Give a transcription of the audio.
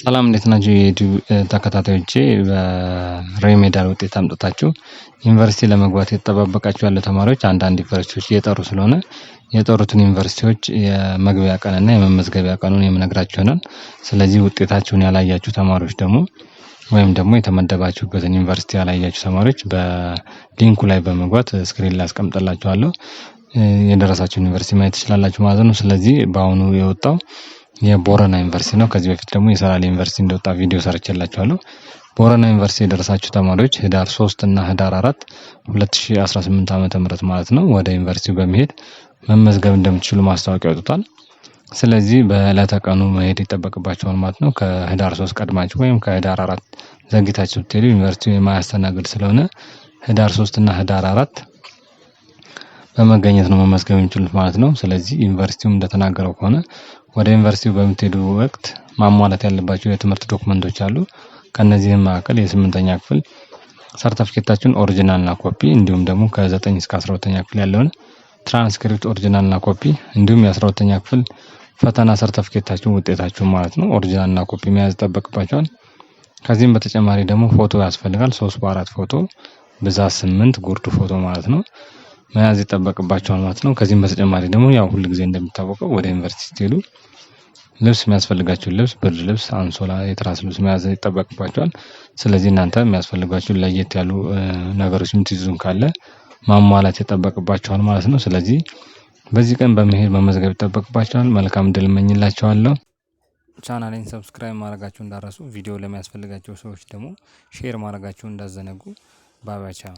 ሰላም እንዴት ናችሁ? የዩቲዩብ ተከታታዮቼ በሬሜዳል ውጤት አምጥታችሁ ዩኒቨርሲቲ ለመግባት የተጠባበቃችሁ ያለ ተማሪዎች አንዳንድ ዩኒቨርሲቲዎች እየጠሩ ስለሆነ የጠሩትን ዩኒቨርሲቲዎች የመግቢያ ቀንና የመመዝገቢያ ቀኑን የምነግራችሁ ይሆናል። ስለዚህ ውጤታችሁን ያላያችሁ ተማሪዎች ደግሞ ወይም ደግሞ የተመደባችሁበትን ዩኒቨርሲቲ ያላያችሁ ተማሪዎች በሊንኩ ላይ በመግባት ስክሪን ላይ አስቀምጠላችኋለሁ የደረሳችሁ ዩኒቨርሲቲ ማየት ትችላላችሁ ማለት ነው። ስለዚህ በአሁኑ የወጣው የቦረና ዩኒቨርሲቲ ነው። ከዚህ በፊት ደግሞ የሰላሌ ዩኒቨርሲቲ እንደወጣ ቪዲዮ ሰርቼላችኋለሁ። ቦረና ዩኒቨርሲቲ የደረሳችሁ ተማሪዎች ህዳር 3 እና ህዳር 4 2018 ዓ.ም ማለት ነው ወደ ዩኒቨርሲቲው በመሄድ መመዝገብ እንደምትችሉ ማስታወቂያ ወጥቷል። ስለዚህ በዕለተ ቀኑ መሄድ ይጠበቅባቸዋል ማለት ነው። ከህዳር 3 ቀድማችሁ ወይም ከህዳር 4 ዘግይታችሁ ብትሄዱ ዩኒቨርሲቲው የማያስተናግድ ስለሆነ ህዳር 3 እና ህዳር 4 በመገኘት ነው መመዝገብ የሚችሉት ማለት ነው። ስለዚህ ዩኒቨርሲቲውም እንደተናገረው ከሆነ ወደ ዩኒቨርሲቲው በምትሄዱ ወቅት ማሟላት ያለባቸው የትምህርት ዶክመንቶች አሉ። ከእነዚህም መካከል የስምንተኛ ክፍል ሰርተፍኬታችን ኦሪጅናል ኮፒ እንዲሁም ደግሞ ከዘጠኝ እስከ አስራ ሁለተኛ ክፍል ያለውን ትራንስክሪፕት ኦሪጅናል ኮፒ እንዲሁም የአስራ ሁለተኛ ክፍል ፈተና ሰርተፍኬታችን ውጤታችሁን ማለት ነው ኦሪጅናል ኮፒ መያዝ ይጠበቅባቸዋል። ከዚህም በተጨማሪ ደግሞ ፎቶ ያስፈልጋል ሶስት በአራት ፎቶ ብዛት ስምንት ጉርድ ፎቶ ማለት ነው መያዝ ይጠበቅባቸዋል ማለት ነው። ከዚህም በተጨማሪ ደግሞ ያው ሁል ጊዜ እንደሚታወቀው ወደ ዩኒቨርሲቲ ስትሄዱ ልብስ የሚያስፈልጋችሁን ልብስ ብርድ ልብስ፣ አንሶላ፣ የትራስ ልብስ መያዝ ይጠበቅባቸዋል። ስለዚህ እናንተ የሚያስፈልጓችሁን ለየት ያሉ ነገሮች የምትይዙን ካለ ማሟላት ይጠበቅባቸዋል ማለት ነው። ስለዚህ በዚህ ቀን በመሄድ መመዝገብ ይጠበቅባቸዋል። መልካም እድል እመኝላቸዋለሁ። ቻናሌን ሰብስክራይብ ማድረጋችሁ እንዳረሱ ቪዲዮ ለሚያስፈልጋቸው ሰዎች ደግሞ ሼር ማድረጋችሁ እንዳዘነጉ ባባቻ